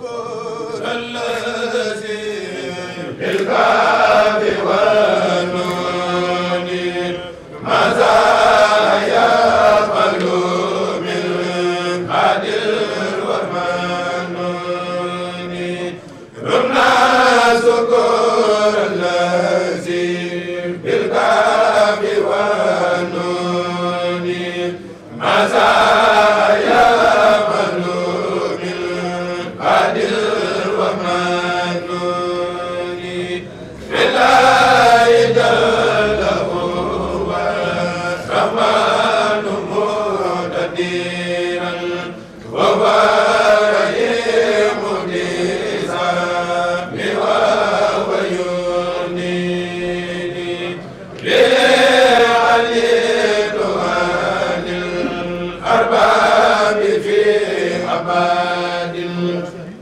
الكون الذي بالباب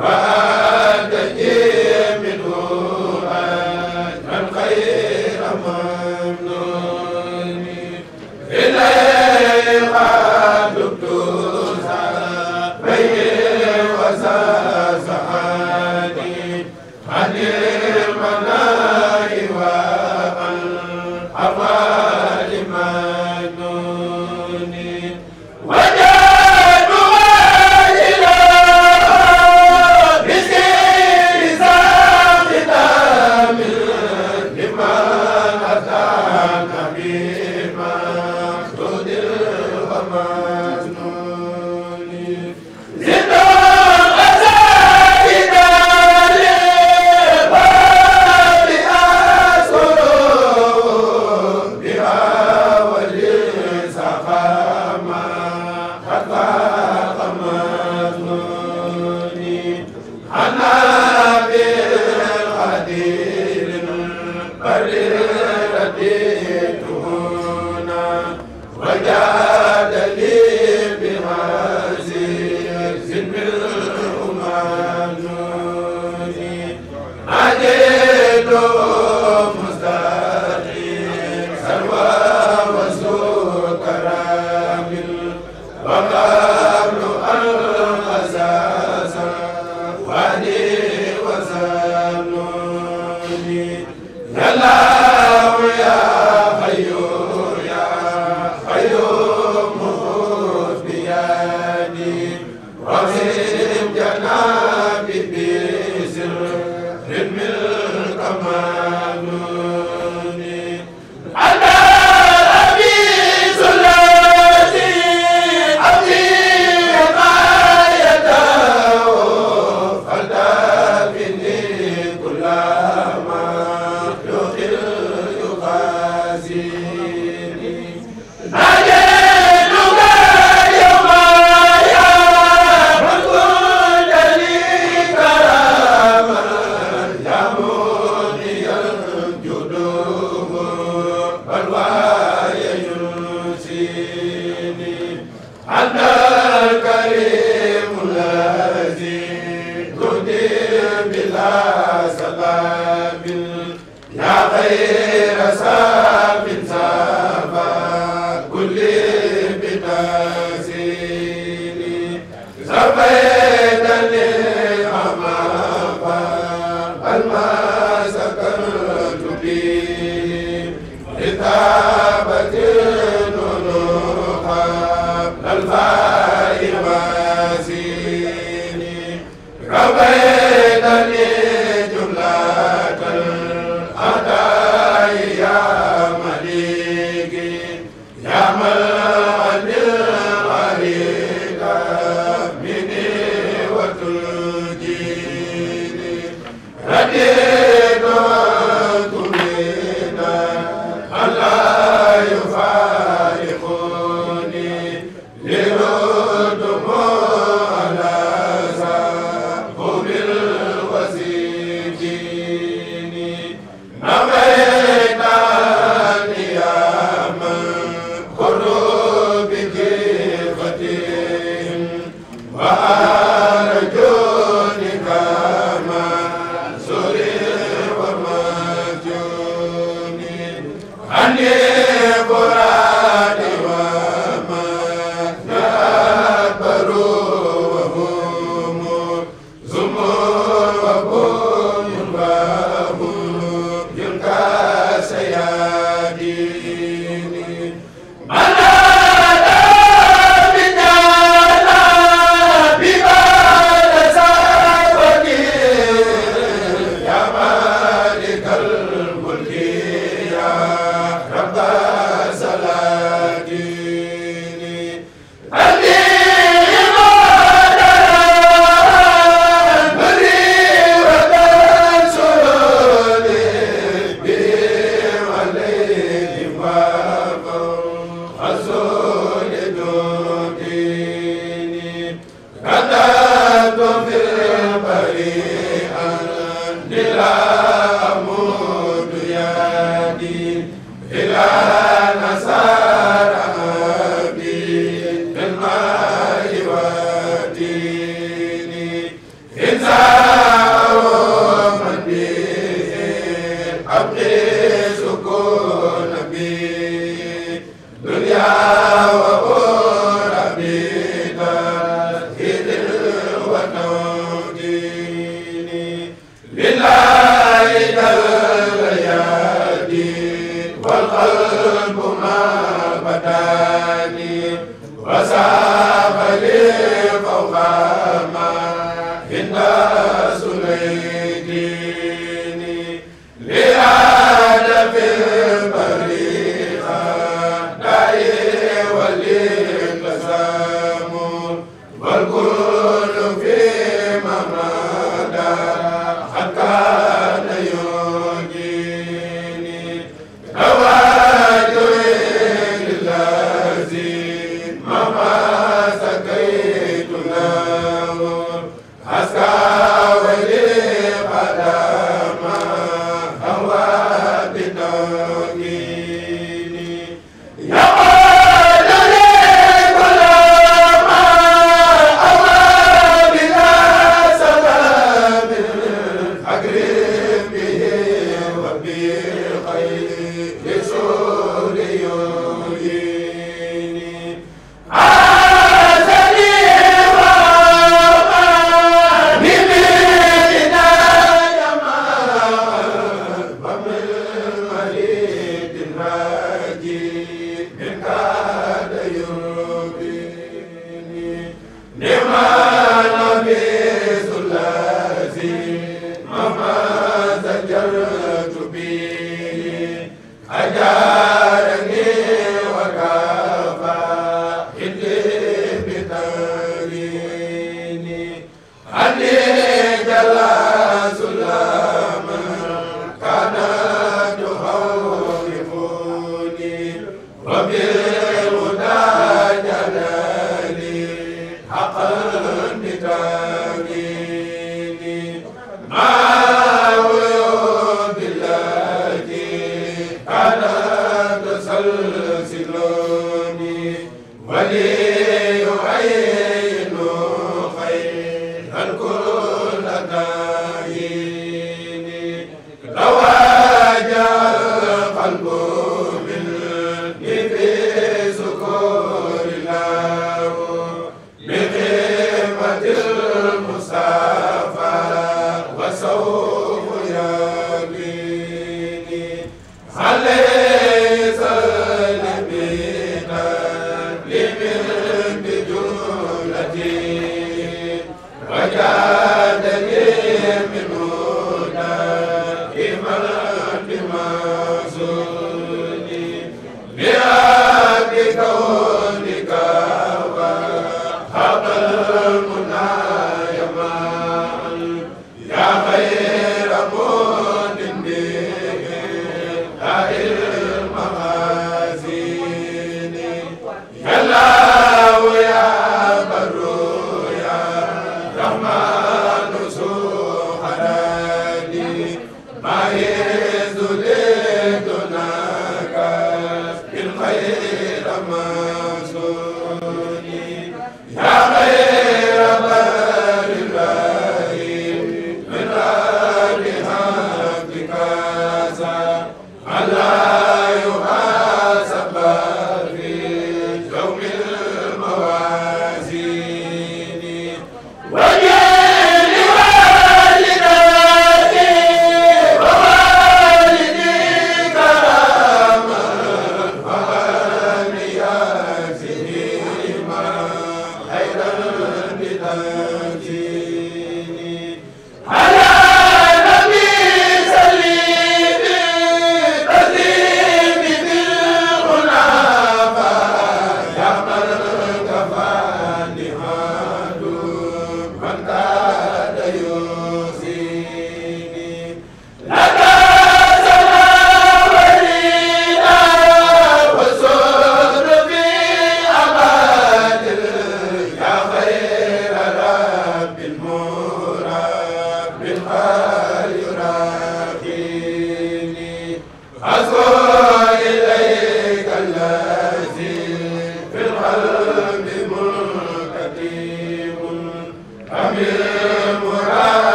واد المزيد ربيتني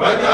wa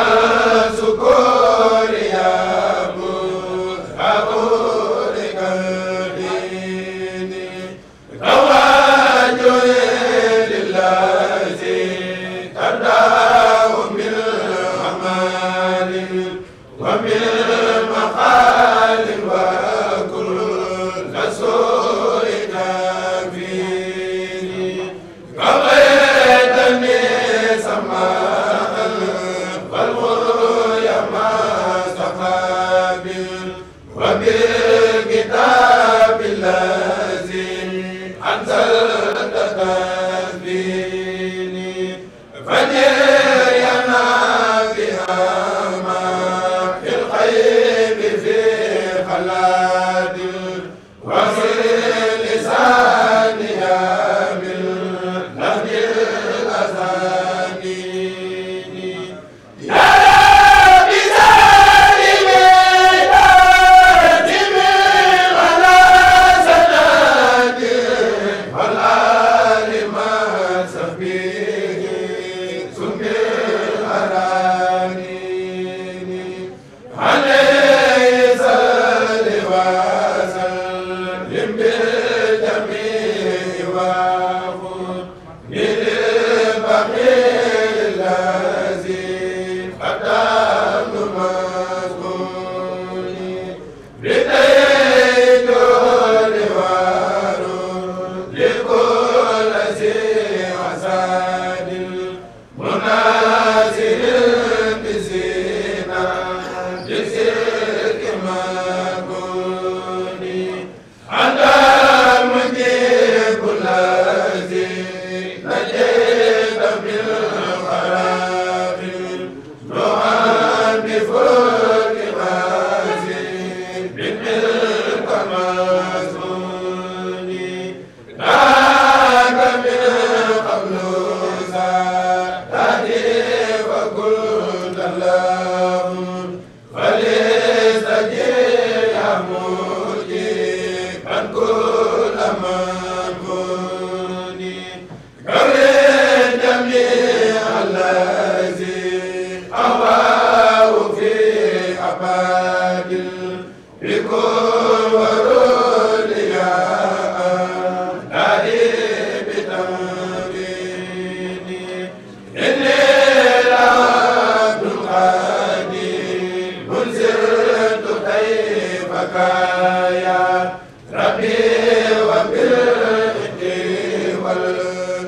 la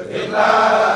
illa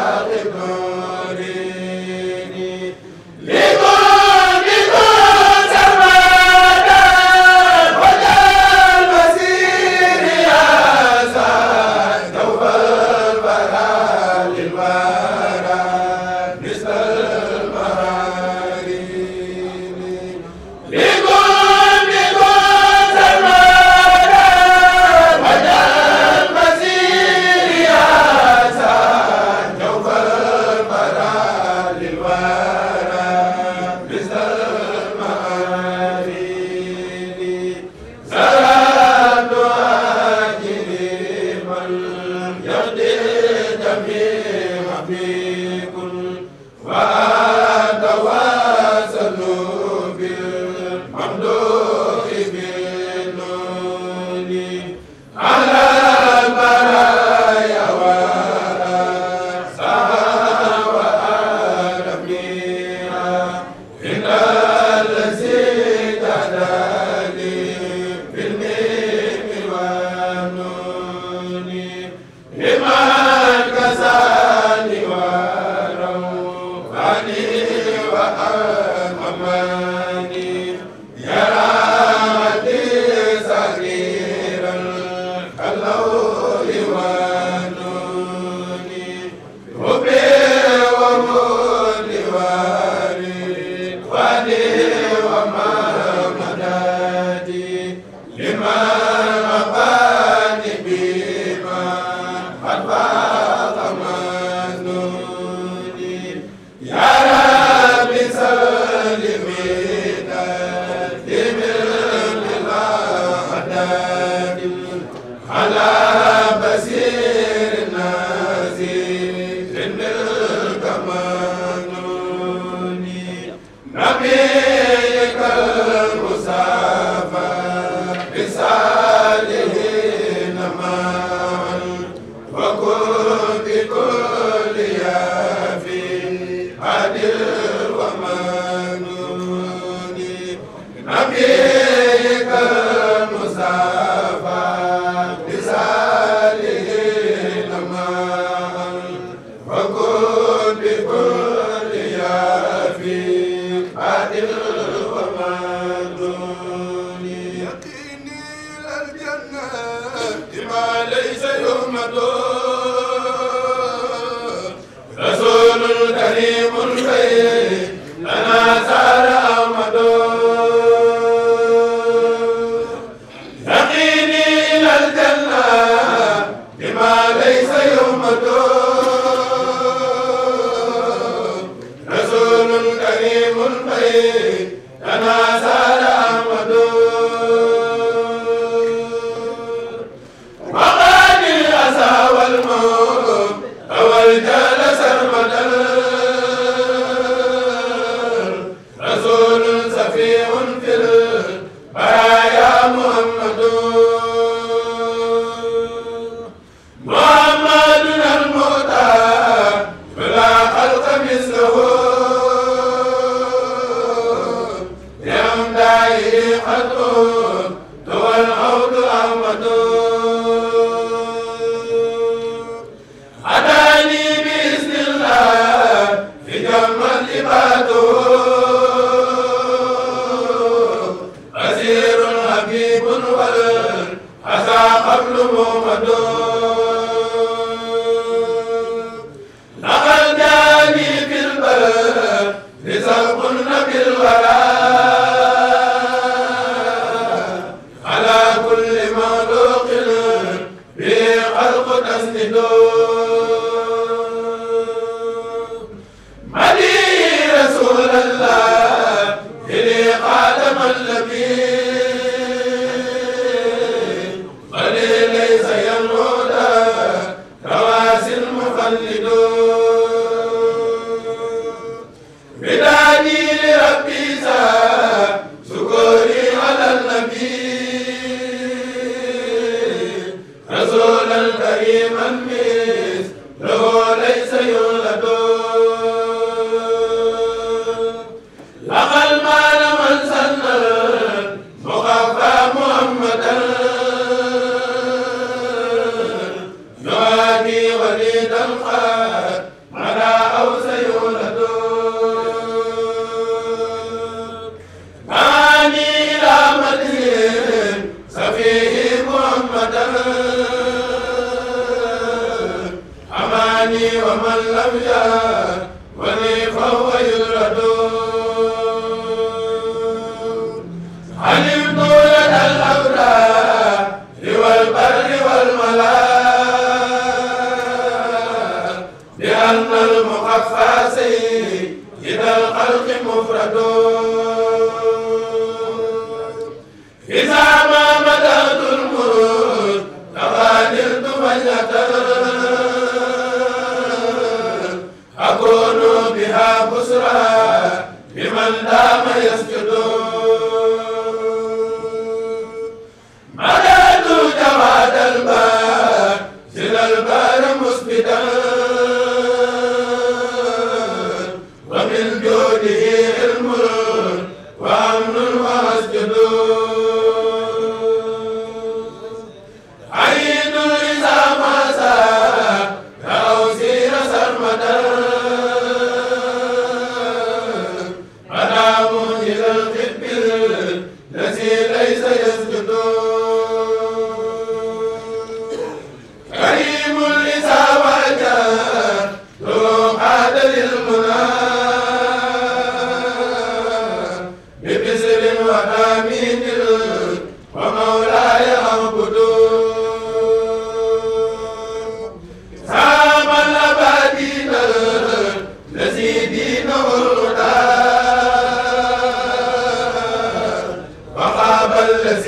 قبل محمد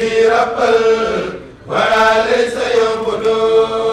bi rabbal wala laysa yawmudu